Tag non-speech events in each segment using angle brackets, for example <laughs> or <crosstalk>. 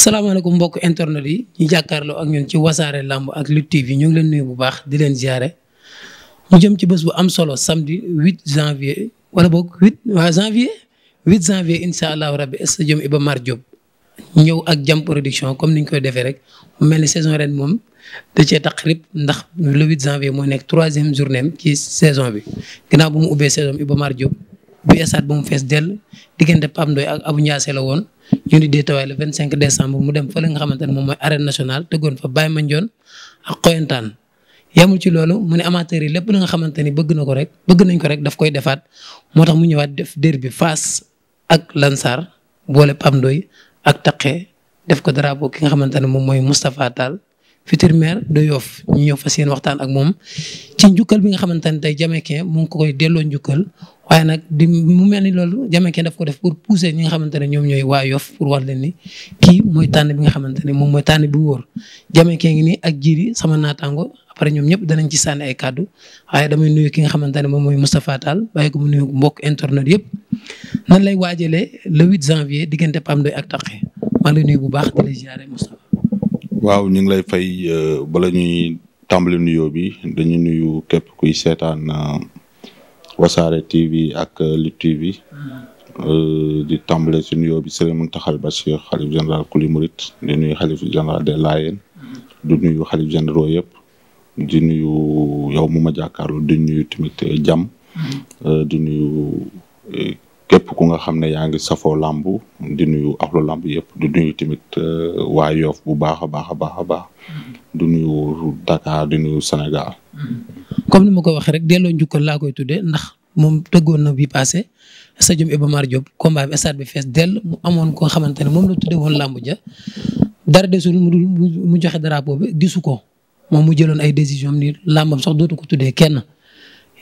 salaamaaleykum mbokk internet yi ñu jàkkaarloo ak ñun ci wasaare làmb ak Lutte TV ñu ngi leen nuyu bu baax di leen ziare mu jëm ci bës bu am solo samedi 8 janvier wala boog 8 waa janvier 8 janvier incha allahu rabbi jëm Iba Mar Diop ñëw ak jam production comme niñ koy defee rek mu mel ni saison ren moom da cee taqrib ndax le huit janvier mooy nekk troisième journée ki saison bi ginnaaw bu mu ubbee saison Iba Mar jób bi esaat ba mu fees dell diggante Pape Ndoye ak Abou Ndiassé la woon ñu di déetawaay le cinq décembre mu dem fële nga xamante ne moom mooy arène nationale tëggoon fa Baye Mandione ak Koyantaan yamul ci loolu mu ne amateurs yi lépp la nga xamante ni bëgg na ko rek bëgg nañ ko rek daf koy defaat moo tax mu ñëwaat def derby Fass ak Lansar boole Pape ndoy ak Takké def ko drapeau ki nga xamante ne moom mooy Moustapha Tall futur maire de Yoff ñu ñëw fas yéen waxtaan ak moom ci njukkal bi nga xamante ne tey Jamaïcain mu ngi ko koy delloo njukkal waaye nag di mu mel ni loolu Jamaïcain daf ko def pour pousser ñi nga xamante ne ñoom ñooy waa Yoff pour wax leen ni kii mooy bi nga xamante ne moom mooy tànn bi wóor Jamaïcain ngi nii ak jiri sama naataango après ñoom ñëpp danañ ci sànni ay kàddu waaye damay nuyu ki nga xamante ne moom mooy Moustapha Tall bàyyi ko mu nuyu mbokk internet yëpp nan lay waajalee le 8 janvier diggante Pape Ndoye ak Takké maa lay nuyu bu baax di la ziare Moustapha waaw ñu ngi lay fay euh, bala ñuy tàmbali nuyoo bi nuyu képp kuy seetaan euh, wasaare TV ak euh, Lutte TV mm-hmm. di tàmbale ci nuyoo bi Serigne Mountakha Bachir xalif général kuli murit di nuyu xalif général des Layènes mm-hmm. di nuyu xalif généraux yëpp di nuyu yow mu ma jàkkaarloo di nuyu tamit jàmm mm-hmm. di nuyu képp ku nga xam ne yaa ngi safoo làmb di nuyu axlu làmb yëpp di nuyu tamit euh, wa Yoff bu baax a baax a baax a baax di nuyu Dakar di nuyu Sénégal. comme ni ma ko waxee rek delloo njukko laa koy tuddee ndax moom tëggoon na bi passé stadium Iba Mar Diop combat bi stade fees dell mu amoon koo xamante ne moom la tuddee woon làmb ja dara desul mu joxe drapeau bi gisu ko moom mu jëloon ay décision ni làmbam sax dootu ko tuddee kenn.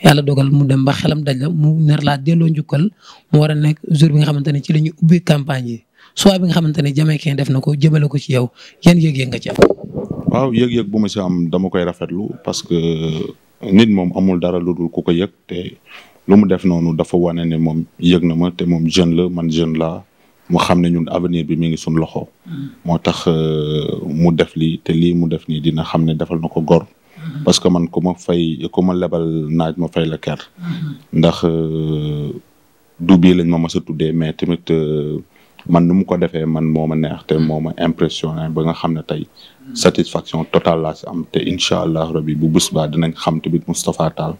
yàlla dogal mu dem ba xelam daj la mu ner laa delloo njukkal mu war a nekk jour bi nga xamante ne ci la ñuy ubbi campagne yi soit bi nga xamante ne Jamaïcain def na ko jëmale ko ci yow yan yëg-yëg nga ci am. waaw yëg bu ma si am dama koy rafetlu parce que nit moom amul dara lu dul ku ko yëg te lu mu def noonu dafa wane ne moom yëg na ma te moom jeune la man jeune la mu xam ne ñun avenir bi mi ngi suñ loxo. Mm. moo tax euh, mu def lii te lii mu def nii dina xam ne defal na ko gor. Mm-hmm. parce que man ku ma fay ku ma lebal naaj ma fay la ker mm-hmm. ndax euh, du bii lañ ma mës a tuddee mais tamit euh, man nu mu ko defee man moo ma neex te a impression impressionné ba nga xam ne tey mm-hmm. satisfaction totale laa si am te incha allah rabi bu bés baa dinañ xam tamit Moustapha Tall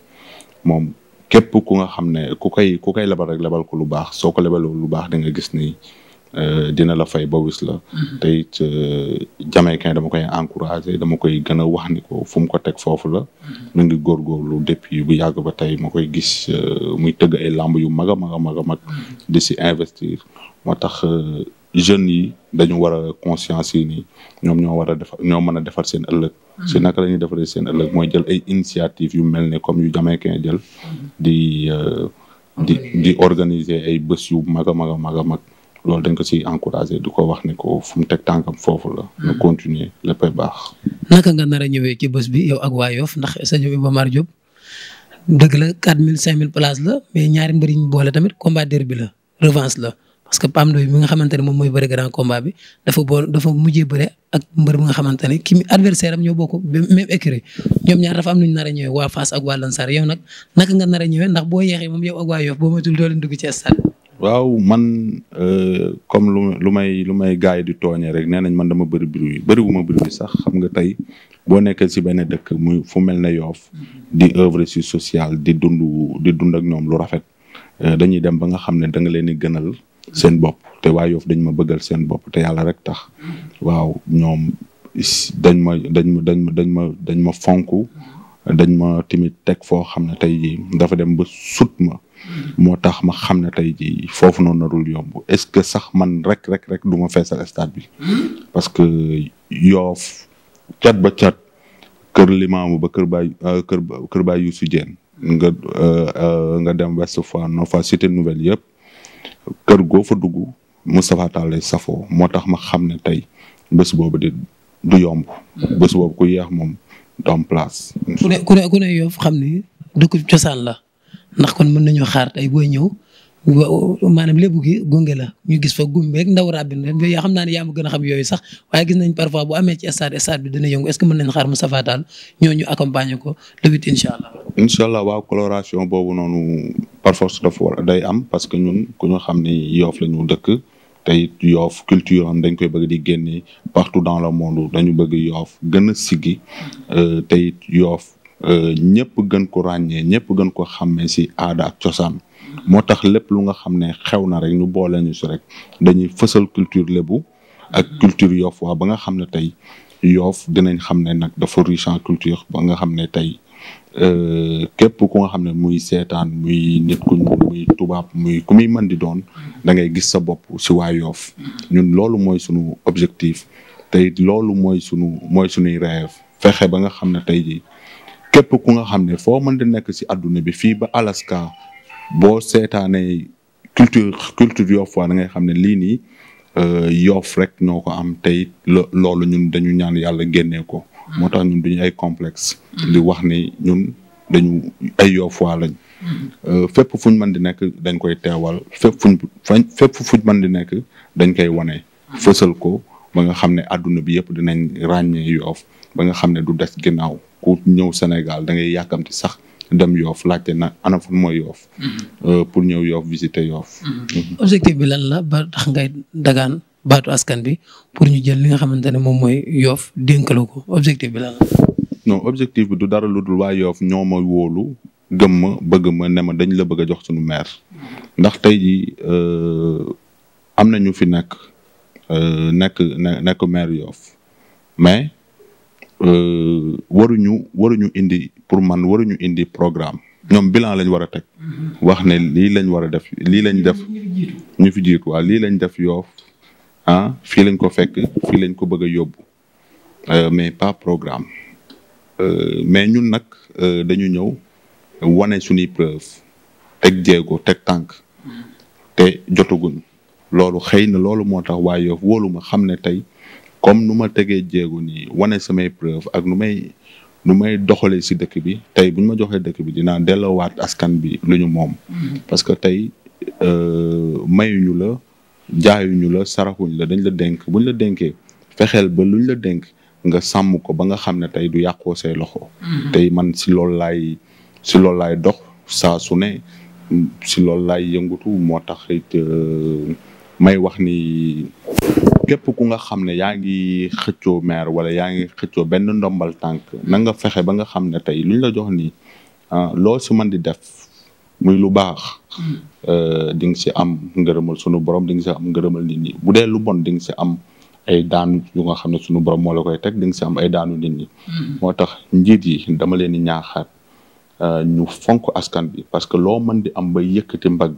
moom képp ku nga xam ne ku koy ku koy lebal rek lebal ko lu baax soo ko lebaloo lu baax da nga gis ni Euh, dina la fay ba wis la. Mhm. te it euh, Jamaïcain dama koy encouragé dama koy gën a wax ko fu mu ko teg foofu la. mu mhm. ngi góorgóorlu bu yàgg ba tey ma koy gis euh, muy tëgg ay làmb yu mag a mag mag mag. Mhm. di si investir moo tax jeunes yi dañu war a conscience yi nii ñoom ñoo war a defar ñoo mën a defar seen ëllëg. si naka la ñuy defaree seen ëllëg mooy jël ay initiative yu mel ne comme yu Jamaïcain jël. di di di organiser ay bés yu mag a mag mag mag. loolu dañ ko ci encouragé di ko wax ne ko fu mu teg tànkam foofu la. Hmm. na continuer léppay baax. naka nga nar a ñëwee ci bés bi yow ak waa ndax sëñ Iba Mar Diop dëgg la la mais ñaari mbër boole tamit combat derby la revanche la. parce que PAM mooy bëri grand combat bi dafa bool dafa mujjee a ñëwee waa Fass ak naka nga nar ñëwee ndax boo yeexee moom yow ak waa Yoff boo matul doo leen dugg waaw man euh, comme lu lu may lu may gars yi di tooñee rek nee nañ man dama bëri bruit bëriwuma bruit sax xam nga tey boo nekkee si benn dëkk muy fu mel ne Yoff di œuvre si social di dund di dund ak ñoom lu rafet euh, dañuy dem ba nga xam ne da nga leen di gënal seen bopp te waa Yoff dañ ma bëggal seen bopp te yàlla rek tax waaw ñoom dañ ma dañ ma dañ ma dañ ma dañ ma fonk dañ ma tamit teg foo xam ne tey dafa dem ba sutma moo tax ma xam ne tey ji foofu noonu narul yomb est-ce que sax man rek rek rek du ma feesal stade bi. parce que yoof cat ba cat kër Limaamu ba kër Baye euh, kër kër Baye Youssou Dieng nga euh, nga dem Ouest Foire Nord Foire Cité Nouvelle yëpp kër goo fa dugg Moustapha Tall lay safoo moo tax ma xam ne tey bës boobu di du yomb. bés boobu ku yeex moom du place. ku ne ku ne ku xam ni dëkk cosaan la. ndax kon mën nañoo xaar tey booy ñëw maanaam lébu gi gunge la ñu gis fa gumbeeg ndaw bi yaa xam naa ne yaa ma gën a xam yooyu sax waaye gis nañ parfois bu amee ci stade stade bi dina yëngu est ce que mën nañ xaar Moustapha ñu accompagner ko le huit incha allah. incha boobu noonu par force dafa war day am parce que ñun ku ñu xam ne yoof la ñu dëkk te it yoof culture am dañ koy bëgg di génne partout dans le monde dañu bëgg yoof gën a siggi euh, te it yoof Euh, ñëpp gën ko ràññee ñëpp gën ko xàmmee si aada ak cosaan moo tax lépp lu nga xam ne xew na rek ñu boole ñu rek dañuy fësal culture lébu ak culture yoof waa ba nga xam ne tey yoof dinañ xam ne nag dafa riche culture ba nga xam ne tey euh, képp ku nga xam ne muy seetaan muy nit kuñ ñuul muy tubaab muy ku muy mën di doon da ngay gis sa bopp si waa yoof ñun loolu mooy sunu objectif te loolu mooy sunu mooy sunuy rêve fexe ba nga xam ne tey jii képp ku nga xam ne foo mën di nekk ci adduna bi fii ba Alaska boo seetaanee culture culture Yoff waa da ngay xam ne lii nii euh, Yoff rek noo ko am tey loolu ñun dañu ñaan yàlla génnee ko. moo tax ñun duñu ay complexe. di wax ni ñun dañu ay Yoff waa lañ. Euh, fépp fuñ mën di nekk dañ koy teewal fépp fuñ fépp di nekk dañ koy wane. fësal ko ba nga xam ne àdduna bi yëpp dinañ ràññee yoof ba nga xam ne du des ginnaaw. ku ñëw Sénégal da ngay yàkkamti sax dem yoof laajte na ana fan mooy yoof mhm. euh, pour ñëw yoof visiter yoof mhm. mhm. objectif bi lan la ba tax ngay dagaan baatu askan bi pour ñu jël li nga xamante ne moom mooy yoof dénkala ko objectif bi lan la objectif bi du dara lu dul waa yoof ñoo ma wóolu gëm ma bëgg ma ne ma dañ la bëgg a jox sunu maire ndax tey ji euh, am na ñu fi nekk euh, nekk nekk maire yoof mais Euh, waruñu waruñu indi pour man waruñu indi programme ñoom bilan lañ war a teg. wax ne lii lañ war a def lii lañ def. ñu fi jiitu waaw lii lañ def yoof ah fii lañ ko fekk fii leen ko bëgg a yóbbu euh, mais pas programme euh, mais ñun nag dañu ñëw wane suñuy preuve teg jéego teg tànk te jotaguñ loolu xëy na loolu moo tax waa yoof wóolu ma xam ne tey. comme nu ma tegee jéego nii wane samay preuve ak nu may nu may doxalee si dëkk bi tey buñ ma joxee dëkk bi dinaa delloowaat askan bi lu moom. Mm-hmm. parce que tey euh, mayuñu la jaayuñu la saraxuñ la dañ la dénk buñ la dénkee fexeel ba luñ la dénk nga sàmm ko ba nga xam ne tey du yàqoo say loxo. Mm-hmm. tey man si loolu laay si loolu laay dox sa su ne si loolu laay yëngutu moo tax euh, may wax ni. képp ku nga xam ne yaa ngi xëccoo maire wala yaa ngi xëccoo benn ndombal tànk na nga fexe ba nga xam ne tey luñ la jox nii ah, loo si mën di def muy lu baax mm. euh, di nga si am ngërëmal sunu borom di nga si am ngërëmal nit ñi bu dee lu bon si am ay daanu yu nga xam ne sunu borom moo koy teg di si am daanu nit mm. moo tax njiit yi dama leen di ñaaxaat euh, ñu fonk askan bi parce que loo mën di am ba yëkkati mbagg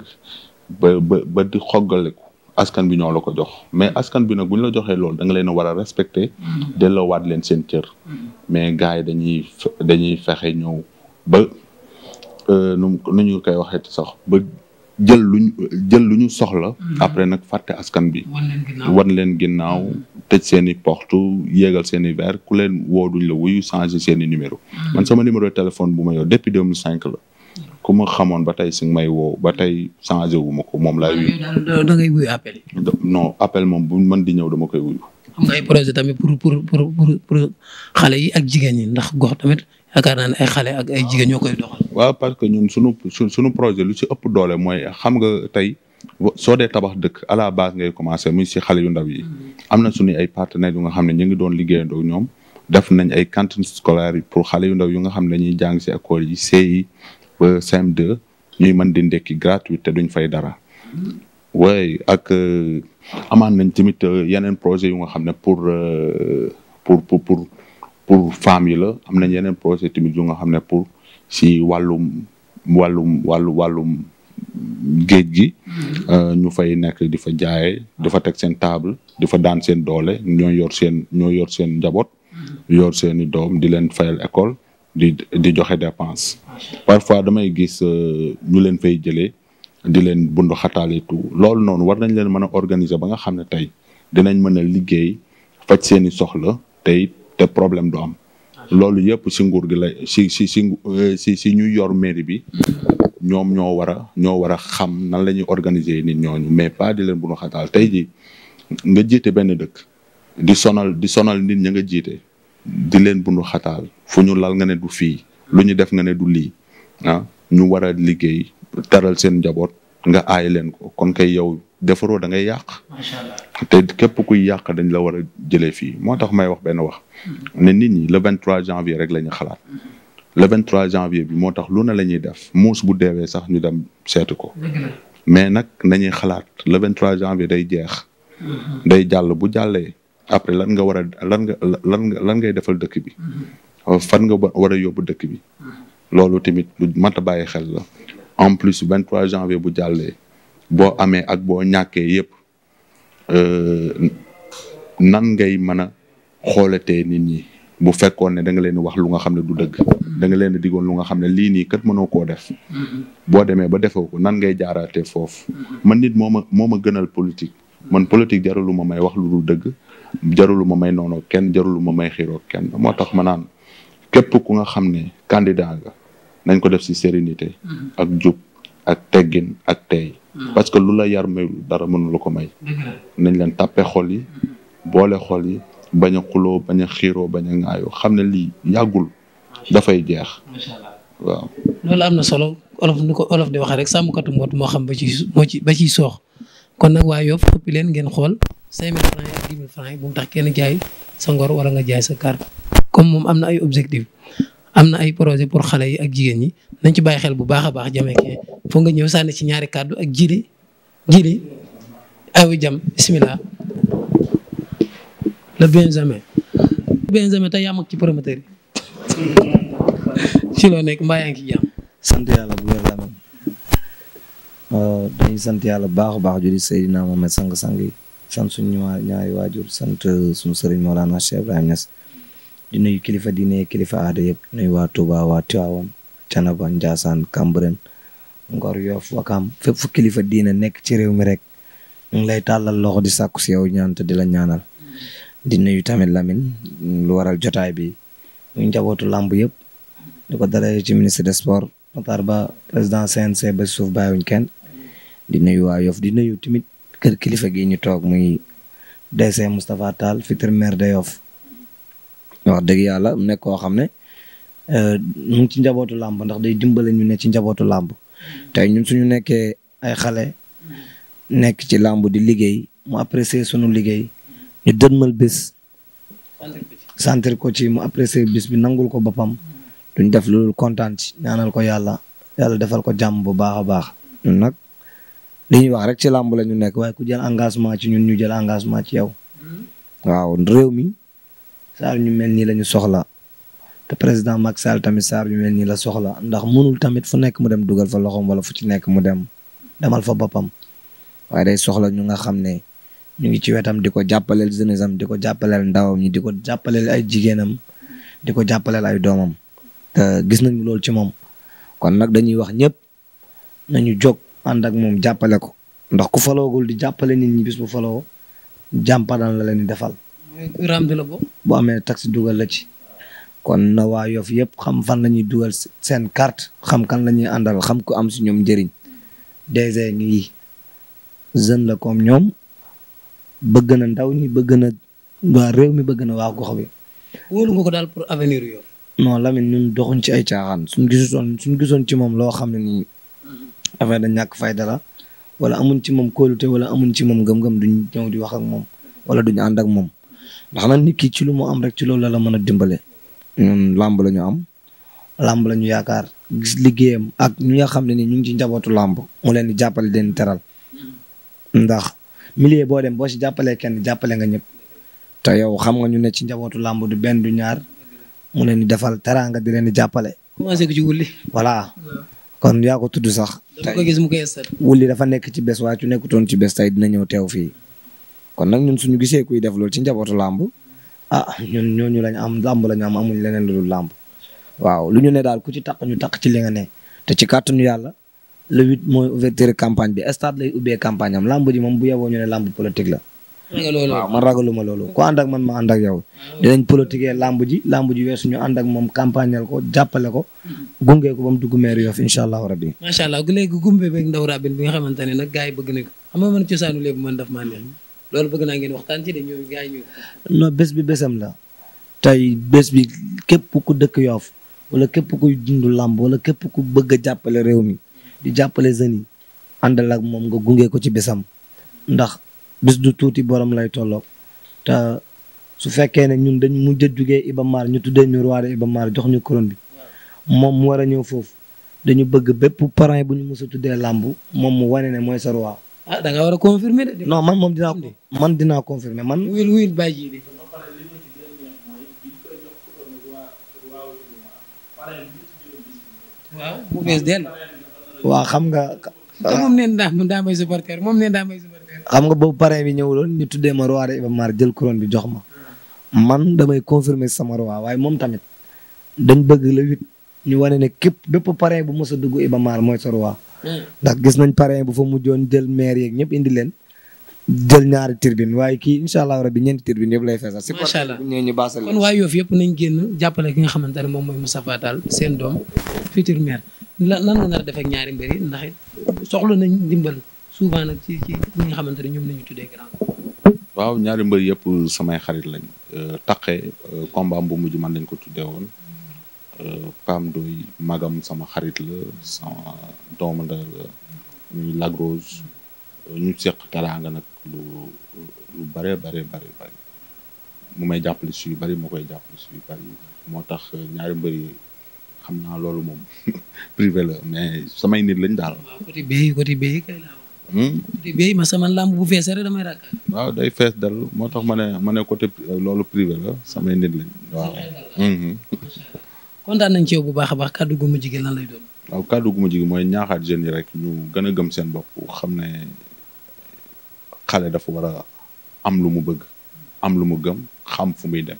ba ba ba di xoggaleku askan bi ñoo la ko jox mais askan bi nag bu ñu la joxee loolu danga leen a war a respecté delloowaat leen seen cër mais gars yi dañuy dañuy fexe ñëw ba euh, nu nu ñu koy waxee sax ba jël luñ jël lu ñu soxla mm-hmm. après nag fàtte askan bi wan leen ginnaaw mm-hmm. tëj seen i porte yéegal seen i verre ku leen woo duñ la wuyu changé seen i numéro mm-hmm. man sama numéro téléphone bu ma yor depuis 2005 la ku ma xamoon ba tey si may woo ba tey changé wu moom laay wuyu. da ngay wuyu appel non appel moom bu man di ñëw dama koy wuyu. am ay projet tamit pour pour pour xale yi ak jigéen ñi ndax gox tamit yaakaar naa ne ay xale ak ay jigéen ñoo koy doxal. waaw parce que ñun sunu sunu projet lu si ëpp doole mooy xam nga tey. soo dee tabax dëkk à la base ngay commencé muy si xale yu ndaw yi mm. am na suñu ay partenaires yu nga xam ne ñu ngi doon liggéeyandoo ñoom def nañ ay cantines scolaires pour xale yu ndaw yu nga xam dañuy jàng si école yi CI ba CM2 ñuy mën di ndekki gratuite te duñ fay dara. waaye ak euh, amaan nañ tamit euh, yeneen projet yu nga xam ne pour euh, pour pour pour pour femmes yi la am nañ yeneen projet tamit yu nga xam ne pour si wàllum wàllum wàllu wàllum géej gi. Mm-hmm. ñu fay nekk di fa jaayee di teg seen table di fa daan seen doole ñoo yor seen ñoo yor seen njaboot. Mm-hmm. yor seeni doom di leen fayal école. di di joxe dépense parfois damay gis euh, ñu leen fay jëlee di leen bundu tu loolu noonu war nañ leen mën a organiser ba nga xam ne tey dinañ mën a liggéey faj seeni soxla tey te problème du am loolu yëpp ci nguur gi lay ci ci ci euh, ci ñu yor mairie bi ñoom ñoo war a ñoo war a xam na lañuy ñuy organiser nit ñooñu mais pas di leen bundu xataal tey ji nga jiite benn dëkk di sonal di sonal nit ña nga jiite di leen bundu xataal fu ñu lal nga ne du fii lu ñu def nga ne du lii ah ñu war a liggéey taral seen njaboot nga aay leen ko kon kay yow defaroo dangay ngay yàq. macha allah te képp kuy yàq dañ la war a jëlee fii moo tax may wax benn wax. ne nit ñi le 23 janvier rek la ñu xalaat. le 23 janvier bi moo tax lu na la ñuy def muus bu deewee sax ñu dem seetu ko. mais nag nañuy xalaat le 23 janvier day jeex. Mm-hmm. day jàll bu jàllee après lan nga war a lan nga lan nga lan defal dëkk bi. Mm-hmm. fan nga war a yóbbu dëkk bi mm-hmm. loolu tamit lu mat a bàyyi xel la en plus 23 janvier bu jàllee boo amee ak boo ñàkkee yëpp euh, nan ngay mën a xoolatee nit ñi bu fekkoon ne da nga leen wax lu nga xam ne du dëgg da nga leen digoon lu nga xam ne lii nii kat mënoo koo def mm-hmm. boo deme ba defoo ko nan ngay jaaraatee foofu mm-hmm. man nit moom ma moo ma gënal politique man politique jarulu ma may wax lu du dëgg jarulu ma may noonoo kenn jarulu ma may xiiroo kenn moo tax ma naan képp ku nga xam ne candidat nga nañ ko def si sérénité. Mm-hmm. ak jub ak teggin ak tey. Mm-hmm. parce que lu la yar mayul dara mënu la ko may. nañ leen tape xol yi. Mm-hmm. boole xol yi bañ a xuloo bañ a xiiroo a xam ne lii yàggul dafay jeex. macha allah waaw. loolu am na solo olof ni ko olof di waxee rek sàmmkatu mboot moo xam ba ci moo ci ba ciy soox kon nag waa Yoff xëppi leen ngeen xool 5000 francs ak 10 000 francs bu mu tax kenn jaay sa ngor wala nga jaay sa carte. comme moom am na ay objectif am na ay projet pour xale yi ak jigéen ñi nañ ci bàyyi xel bu baax a baax Jamaïcain foog nga ñëw sànni ci ñaari kàddu ak jili jili awi jam bismillah le Benjamin Benjamin tey yam ak ci promoteur yi ci loo nekk mbaa yaa ngi ci jàmm sant yàlla bu wér euh, sant yàlla bu baax a baax juri Seydina Mohamed sang-sang yi san suñu ñaari waajur sant euh, suñu sëriñ Mawlana Cheikh Ibrahima Niass di nuyu kilifa diine kilifa aada yëpp nuyu waa Touba waa Tivaouane Canaba Ndiassane Cambérène Ngor Yoff Wakam fépp fu kilifa diine nekk ci réew mi rek ñu ngi lay tàllal loxo di sàkku si yow ñaan te di ñaanal di nuyu tamit Lamine lu waral jotaay bi ñu njabootu làmb yëpp di ko dalee ci ministre di nuyu waa di nuyu tamit kër kilifa gi ñu toog muy DC Moustapha Tall futur maire de Yoff wax dëgg yàlla mu nekk koo xam ne euh, mu ngi ci njabootu làmb ndax day dimbale ñu ne ci njabootu làmb ñu ñun suñu nekkee ay xale nekk ci làmb di liggéey mu apprécier sunu liggéey ñu dënmal bés sentir ko ci mu apprécier bis bi nangul ko boppam duñ def lu kontaan ci ñaanal ko yàlla yàlla defal ko jàmm bu baax a baax ñun nag li ñuy wax rek ci làmb la ñu nekk waaye ku jël engagement ci ñun ñu jël engagement ci yow hmm. waaw réew mi saar ñu mel nii lañu soxla te président Macky Sall tamit saar ñu mel nii la soxla ndax mënul tamit fu nekk mu dem dugal fa loxoom wala fu ci nekk mu dem demal fa boppam waaye day soxla ñu nga xam ne ñu ngi ci wetam di ko jàppaleel jeunesse am di ko jàppaleel ndawam ñi di ko jàppaleel ay jigéenam di ko jàppaleel doomam te gis nañu loolu ci moom kon nag dañuy wax ñëpp nañu jog ànd moom jàppale ko ndax ku faloogul di jàppale nit ñi bis bu faloo jàmpadaan la leen defal ramdi la bokk. bu amee taxi dugal la ci. kon na waa Yoff yëpp xam fan la ñuy dugal seen carte xam kan lañuy ñuy xam ko am si ñoom njëriñ DG ngi jeune la comme ñoom bëgg na ndaw ñi bëgg na waa réew mi bëgg na waa gox bi. wóolu nga ko daal pour avenir Yoff. non Lamine ñun doxuñ ci ay caaxaan suñu gisoon suñu gisoon ci moom loo xam ne nii affaire da ñàkk fayda la wala amuñ ci moom kóolute wala amuñ ci moom gëm-gëm duñ ñëw di wax ak moom wala duñ ànd moom. ndax nag nit ki ci lu mu am rek ci loolu la la mën a dimbale. ñun làmb la am làmb la ñu yaakaar liggéeyam ak ñi nga xam ne ni ñu ngi ci njabootu làmb mu leen di jàppale den teral ndax millier boo dem boo si jàppalee kenn jàppale nga ñëpp te yow xam nga ñu ne ci njabootu làmb du benn du ñaar mu leen di defal teraanga di leen di jàppale. commencé ko ci kon yaa ko tudd sax. tey ko gis mu koy wulli dafa nekk ci bes waaye su nekkutoon ci bés tey dina ñëw teew fii. kon nag ñun suñu gisee kuy def loolu ci njabootu làmb ah ñun ñooñu lañ am làmb lañ am amuñ leneen lu dul waaw lu ñu ne daal ku ci taq ñu taq ci li nga ne te ci kàttanu yàlla le huit mooy ouverture campagne bi stade lay ubbee campagne am ji moom bu yeboo ñu ne làmb politique la. waaw man ragaluma loolu ku ànd ak man ma ànd ak yow. dinañ politiquer làmb ji làmb ji weesu ñu ànd ak moom campagnal ko jàppale ko. gunge ko ba mu dugg maire Yoff incha allahu rabi. macha allah léegi gumbe beeg ndaw rabin bi nga xamante ne nag gars yi loolu bëgg naa ngeen waxtaan ci de ñoom gars bés bi bésam la tey bés bi képp ku dëkk Yoff wala képp kuy dund làmb wala képp ku bëgg a jàppale réew mi di jàppale jeunes yi àndal ak moom nga gunge ko ci bésam ndax bés du tuuti borom lay tolloog te su fekkee ne ñun dañ mujj a jugee Iba Mar ñu tuddee ñu roi de Iba Mar jox ñu couronne bi moom mu war a ñëw foofu dañu bëgg bépp parent bu ñu mës a tuddee làmb moom mu wane ne mooy sa roi ah da nga war a confirmer de. non man moom dina man dinaa confirmer man. wuyul wuyul bàyyi ji waaw xam nga. te moom nee naa daa may supporter moom nee daa may xam nga boobu parrain bi ñëwuloon ñu tuddee ma roi de Iba Mar jël couronne bi jox ma. man damay confirmer sama roi waaye moom tamit dañ bëgg la huit ñu wane ne képp bépp parrain bu mos dugg Iba Mar mooy sa ndax gis nañ parrain bu fa mujjoon jël maire yeeg ñëpp indi leen jël ñaari turbine waaye kii incha allah rabbi ñeenti turbine yëpp lay feesal. macha allah si ñëw ñu baasal kon waa Yoff yëpp nañ génn jàppale ki nga xamante ne moom mooy Moustapha Tall seen doom futur maire lan lan la nar a def ñaari mbir yi ndax soxla nañ ndimbal souvent nag ci ci ñi nga xamante ne ñoom la ñu tuddee grand. waaw ñaari mbër yëpp samay xarit lañ euh, taqe euh, combat bu mujj man lañ ko tuddee Pam Doy magam sama xarit la sama doomu ndey la ñuy lagrose ñu seq teraanga nag lu lu bare bare bare bare mu may jàppale si yu bari moo koy jàppale si yu bari moo tax ñaari mbëri xam naa loolu moom <laughs> privé la mais samay nit lañ daal. waaw côté hmm? ma sama làmb bu fees rek damay rakk. waaw day fees dal moo tax ma ne ma ne côté loolu privé la samay nit lañ. waaw. kontaan nañ ci yow bu baax a baax kàddu gu mujj gi lan lay doon. waaw kàddu gu mujj gi mooy ñaaxaat jeunes rek ñu gën a gëm seen bopp xam ne xale dafa war a am lu mu bëgg am lu mu gëm xam fu muy dem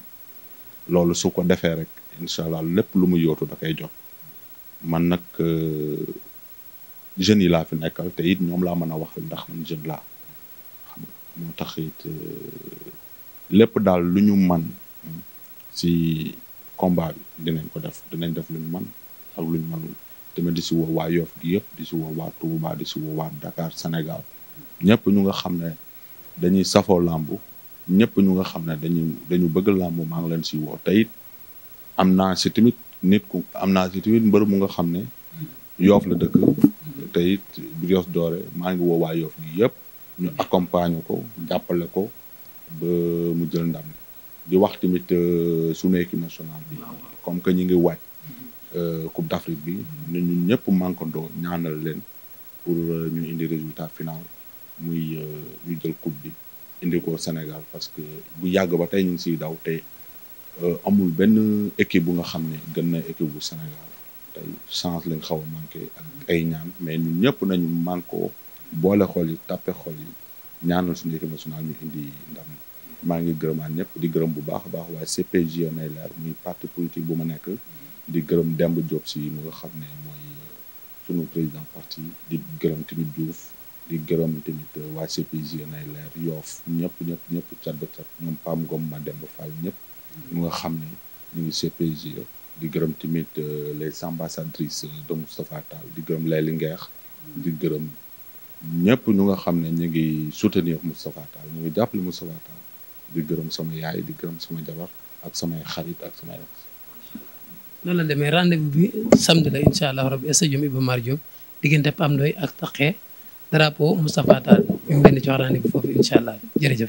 loolu su ko defee rek incha allah lépp lu mu yootu da koy jot man nag euh, jeunes yi laa fi nekkal te it ñoom laa mën a wax ndax man jeune laa moo tax it euh, daal lu ñu man si. combat bi dinañ ko def dinañ def luñ man ak luñ manul tamit di si woo waa gi yëpp di si woo waa Touba di si woo waa Dakar Sénégal ñëpp ñu nga xam ne dañuy safo làmb ñëpp ñu nga xam ne dañuy dañu bëgg làmb maa ngi leen si woo te am naa si tamit nit ku am naa si tamit mbër mu nga xam ne yoof la dëkk te it Brioche Dorée maa ngi woo waa gi yëpp ñu accompagner ko jàppale ko ba mu jël ndam di wax tamit euh, sunu équipe nationale bi comme que ñu ngi waaj euh, Coupe d'Afrique bi ñun ñun ñëpp mànkandoo ñaanal leen pour euh, ñu indi résultat final muy ñu jël coupe bi indi ko Sénégal parce que bu yàgg ba tey ñu ngi siy daw te amul benn équipe bu nga xam ne gën na équipe bu Sénégal tey chance lañ xaw a manqué ak ay ñaan mais ñun ñëpp nañu mànkoo boole xol yi tàppe xol yi ñaanal suñu équipe nationale ñu indi ndam maa ngi gërëmaan ñëpp di gërëm bu baax a baax waaye CPJ nay leer muy parti politique bu ma nekk di gërëm Demba Diop si mu nga xam ne mooy sunu président parti di gërëm tamit Diouf di gërëm tamit euh, waa CPJ nay leer yoof ñëpp ñëpp ñëpp cat ba cat ñoom Pam Ngom ma Demba ñëpp ñu mm-hmm. xam ne ñu ngi CPJ di gërëm tamit euh, les ambassadrices euh, de Moustapha Tall di gërëm Leila Nguer mm-hmm. di gërëm ñëpp nu nga xam ne ñu ngi soutenir Moustapha Tall ñu ngi jàppale Moustapha Tall di gërëm sama yaay di gërëm sama jabar ak samay xarit ak samay. noonu la demee rendez-vous bi samedi la incha allah rabbi stadium Iba Mar Diop diggante Pam Ndoye ak Taxe drapeau Moustapha Tall ñu ngi leen di jox rendez-vous foofu incha allah jërëjëf.